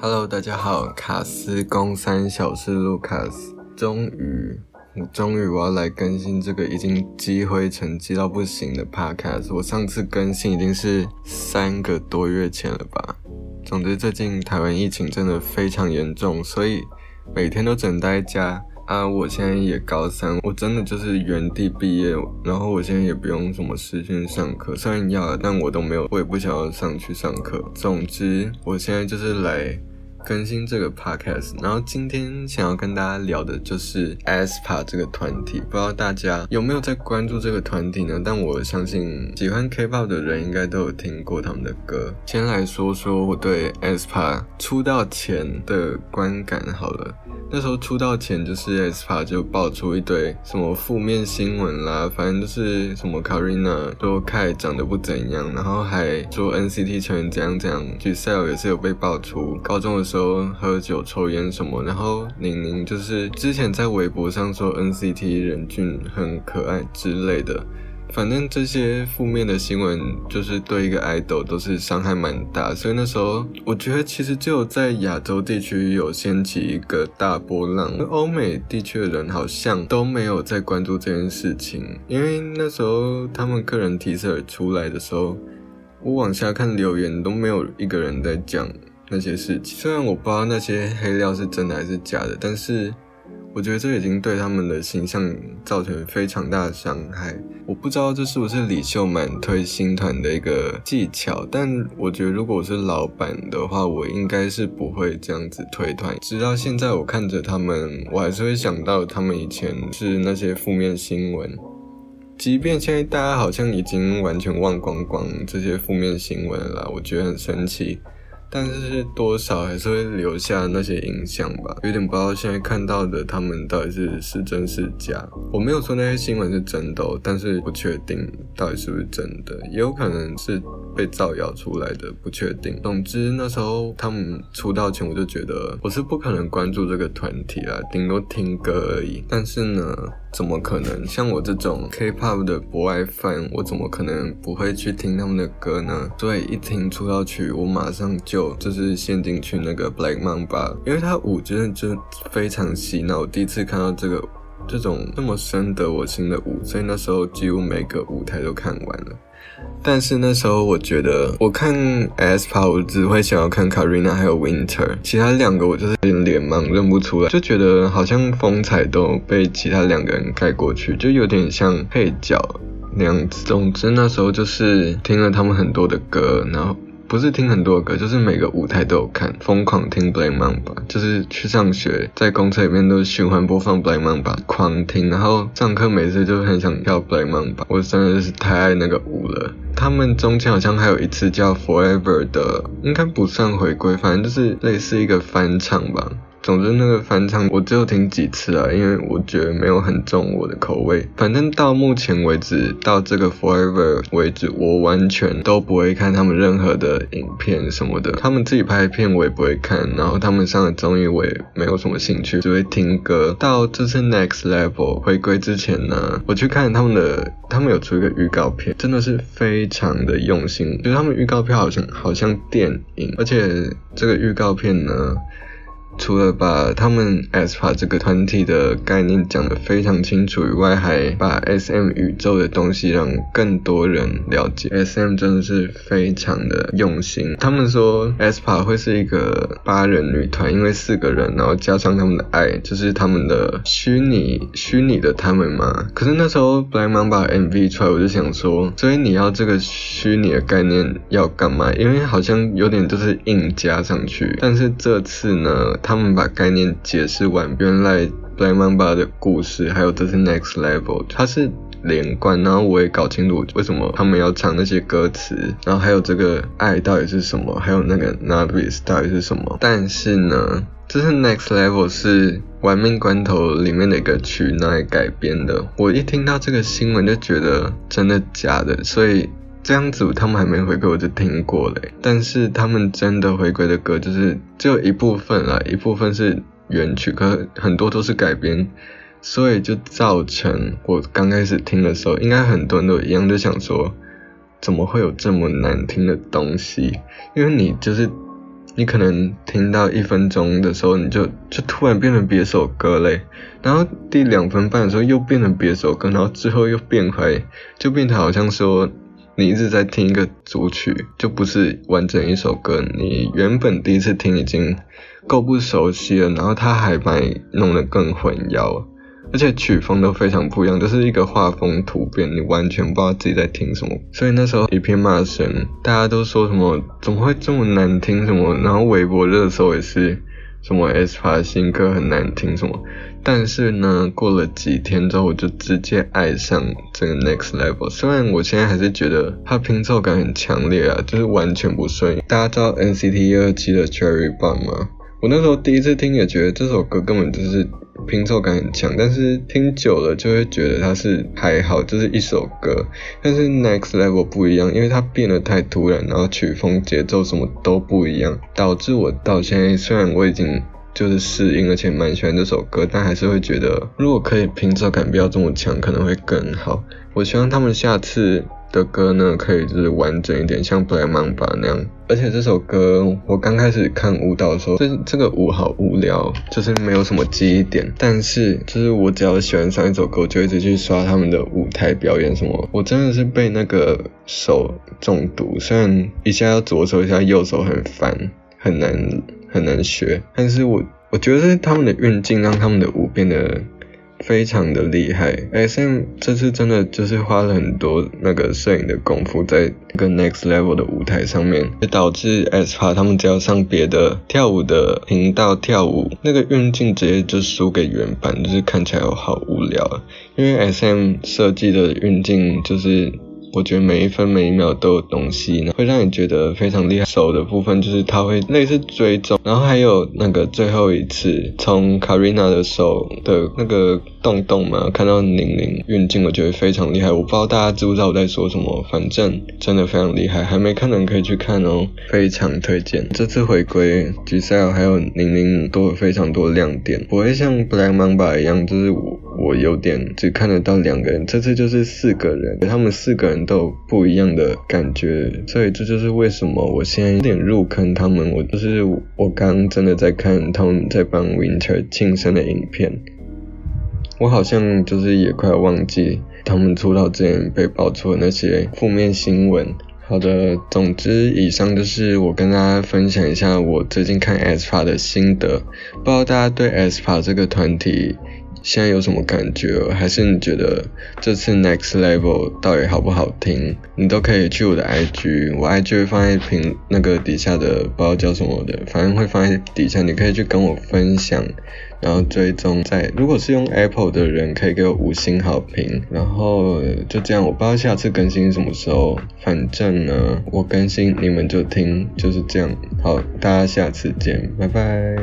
Hello，大家好，卡斯供三小，是 Lucas，終於，終於我要來更新這個已經積灰成積到不行的 Podcast。我上次更新已經是三個多月前了吧。總之，最近台灣疫情真的非常嚴重，所以每天都整待家啊。我現在也高三，我真的就是原地畢業。然後我現在也不用什麼視訊上課，雖然要了，但我都沒有，我也不想要上去上課。總之，我現在就是來。更新這個 podcast，然後今天想要跟大家聊的就是 aespa 這個團體，不知道大家有沒有在關注這個團體呢？但我相信喜歡 K-pop 的人應該都有聽過他們的歌。先來說說我對 aespa 出道前的觀感好了，那時候出道前就是 aespa 就爆出一堆什麼負面新聞啦，反正就是什麼 Karina、說 Kai 長得不怎樣，然後還說 NCT 成員怎樣怎樣，Giselle 也是有被爆出高中的時候都喝酒、抽煙什麼，然後寧寧就是之前在微博上說 NCT 人俊很可愛之類的，反正這些負面的新聞就是對一個愛豆都是傷害蠻大，所以那時候我覺得其實只有在亞洲地區有掀起一個大波浪，歐美地區的人好像都沒有在關注這件事情，因為那時候他們個人提 s 出來的時候，我往下看留言都沒有一個人在講。那些事情，雖然我不知道那些黑料是真的還是假的，但是我覺得這已經對他們的形象造成非常大的傷害。我不知道這是不是李秀滿推新團的一個技巧，但我覺得如果我是老闆的話，我應該是不會這樣子推團。直到現在，我看着他們，我還是會想到他們以前是那些負面新聞，即便現在大家好像已經完全忘光光這些負面新聞了，我覺得很神奇。但是多少還是會留下那些印象吧，有點不知道現在看到的他們到底是是真是假。我沒有說那些新聞是真的，但是不確定到底是不是真的，也有可能是被造謠出來的，不確定。總之那時候他們出道前，我就覺得我是不可能關注這個團體啦，頂多聽歌而已。但是呢，怎麼可能？像我這種 K-pop 的博愛飯，我怎麼可能不會去聽他們的歌呢？所以一聽出道曲，我馬上就。就是陷進去那個 Black Mamba 吧，因為他舞真的就是就是、非常洗腦，我第一次看到這個這種那麼深得我心的舞，所以那時候幾乎每個舞台都看完了。但是那時候我覺得，我看 aespa，我只會想要看 Karina 還有 Winter，其他兩個我就是有點臉盲認不出來，就覺得好像風采都被其他兩個人蓋過去，就有點像配角那樣子。總之那時候就是聽了他們很多的歌，然後。不是聽很多歌，就是每個舞台都有看，瘋狂聽《Black Mamba》吧，就是去上學，在公車裡面都是循環播放《Black Mamba》吧，狂聽，然後上課每次就很想跳《Black Mamba》吧，我真的就是太愛那個舞了。他們中間好像還有一次叫《Forever》的，應該不算回歸，反正就是類似一個翻唱吧。總之，那個翻唱我只有聽幾次了，因為我覺得沒有很重我的口味。反正到目前為止，到這個 Forever 為止，我完全都不會看他們任何的影片什麼的，他們自己拍片我也不會看，然後他們上的綜藝我也沒有什麼興趣，只會聽歌。到這次 Next Level 回歸之前呢，我去看他們的，他們有出一個預告片，真的是非常的用心。就是他們預告片好像好像電影，而且這個預告片呢。除了把他們 aespa 這個團體的概念講得非常清楚以外，還把 SM 宇宙的東西讓更多人了解。SM 真的是非常的用心。他們說 aespa 會是一個八人女團，因為四個人，然後加上他們的愛，就是他們的虛擬虛擬的他們嘛。可是那時候 Black Mamba 把 MV 出來，我就想說，所以你要這個虛擬的概念要幹嘛？因為好像有點就是硬加上去。但是這次呢？他們把概念解釋完，原來《Black Mamba》的故事，還有這是《Next Level》，它是連貫，然後我也搞清楚為什麼他們要唱那些歌詞，然後還有這個愛到底是什麼，還有那個 Nervous 到底是什麼。但是呢，這是《Next Level》是《玩命關頭》裡面的一個曲拿來改編的。我一聽到這個新聞就覺得真的假的，所以。這樣子他們還沒回歸，我就聽過嘞、欸，但是他們真的回歸的歌就是只有一部分啊，一部分是原曲，可很多都是改編，所以就造成我剛開始聽的時候，應該很多人都一樣，就想說怎麼會有這麼難聽的東西？因為你就是你可能聽到一分鐘的時候，你就就突然變成別首歌嘞、欸，然後第兩分半的時候又變成別首歌，然後之後又變回就變得好像說。你一直在聽一個組曲，就不是完整一首歌。你原本第一次聽已經夠不熟悉了，然後他還把你弄得更混淆。而且曲風都非常不一樣，就是一個畫風突變，你完全不知道自己在聽什麼。所以那時候一片罵聲，大家都說什麼怎麼會這麼難聽什麼，然後微博熱搜也是什麼 aespa 新歌很難聽什麼。但是呢，過了幾天之後，我就直接愛上這個 Next Level。雖然我現在還是覺得它拼湊感很強烈啊，就是完全不順。大家知道 NCT 二七的 Cherry Bomb 嗎？我那時候第一次聽也覺得這首歌根本就是拼湊感很強，但是聽久了就會覺得它是還好，就是一首歌。但是 Next Level 不一樣，因為它變得太突然，然後曲風、節奏什麼都不一樣，導致我到現在，雖然我已經。就是適應，而且蠻喜歡這首歌，但還是會覺得，如果可以節奏感不要這麼強，可能會更好。我希望他們下次的歌呢，可以就是完整一點，像《Black Mamba》那樣。而且這首歌，我剛開始看舞蹈的時候，這這個舞好無聊，就是沒有什麼記憶點。但是就是我只要喜歡上一首歌，我就一直去刷他們的舞台表演什麼。我真的是被那個手中毒，雖然一下要左手一下右手很煩，很難。很難學，但是我我覺得他們的運鏡讓他們的舞變得非常的厲害。SM 這次真的就是花了很多那個攝影的功夫，在一個 Next Level 的舞台上面，導致 aespa 他們只要上別的跳舞的頻道跳舞，那個運鏡直接就輸給原版，就是看起來好無聊啊。因為 SM 設計的運鏡就是。我覺得每一分每一秒都有東西，呢會讓你覺得非常厲害。手的部分就是它會類似追蹤，然後還有那個最後一次從 Karina 的手的那個洞洞嘛，看到寧寧運鏡，我覺得非常厲害。我不知道大家知不知道我在說什麼，反正真的非常厲害。還沒看的人可以去看哦，非常推薦。這次回歸 Giselle 還有寧寧都有非常多亮點，不會像 Black Mamba 一樣，就是我我有點只看得到兩個人，這次就是四個人，他們四個人都有不一樣的感覺，所以這就是為什麼我現在有點入坑他們。我就是我剛真的在看他們在幫 Winter 慶生的影片，我好像就是也快忘記他們出道之前被爆出的那些負面新聞。好的，總之以上就是我跟大家分享一下我最近看 aespa 的心得，不知道大家對 aespa 這個團體。現在有什麼感覺？還是你覺得這次 Next Level 到底好不好聽？你都可以去我的 IG，我 IG 會放在屏那個底下的，不知道叫什麼的，反正會放在底下，你可以去跟我分享，然後追蹤在。如果是用 Apple 的人，可以給我五星好評。然後就這樣，我不知道下次更新什麼時候，反正呢，我更新你們就聽，就是這樣。好，大家下次見，拜拜。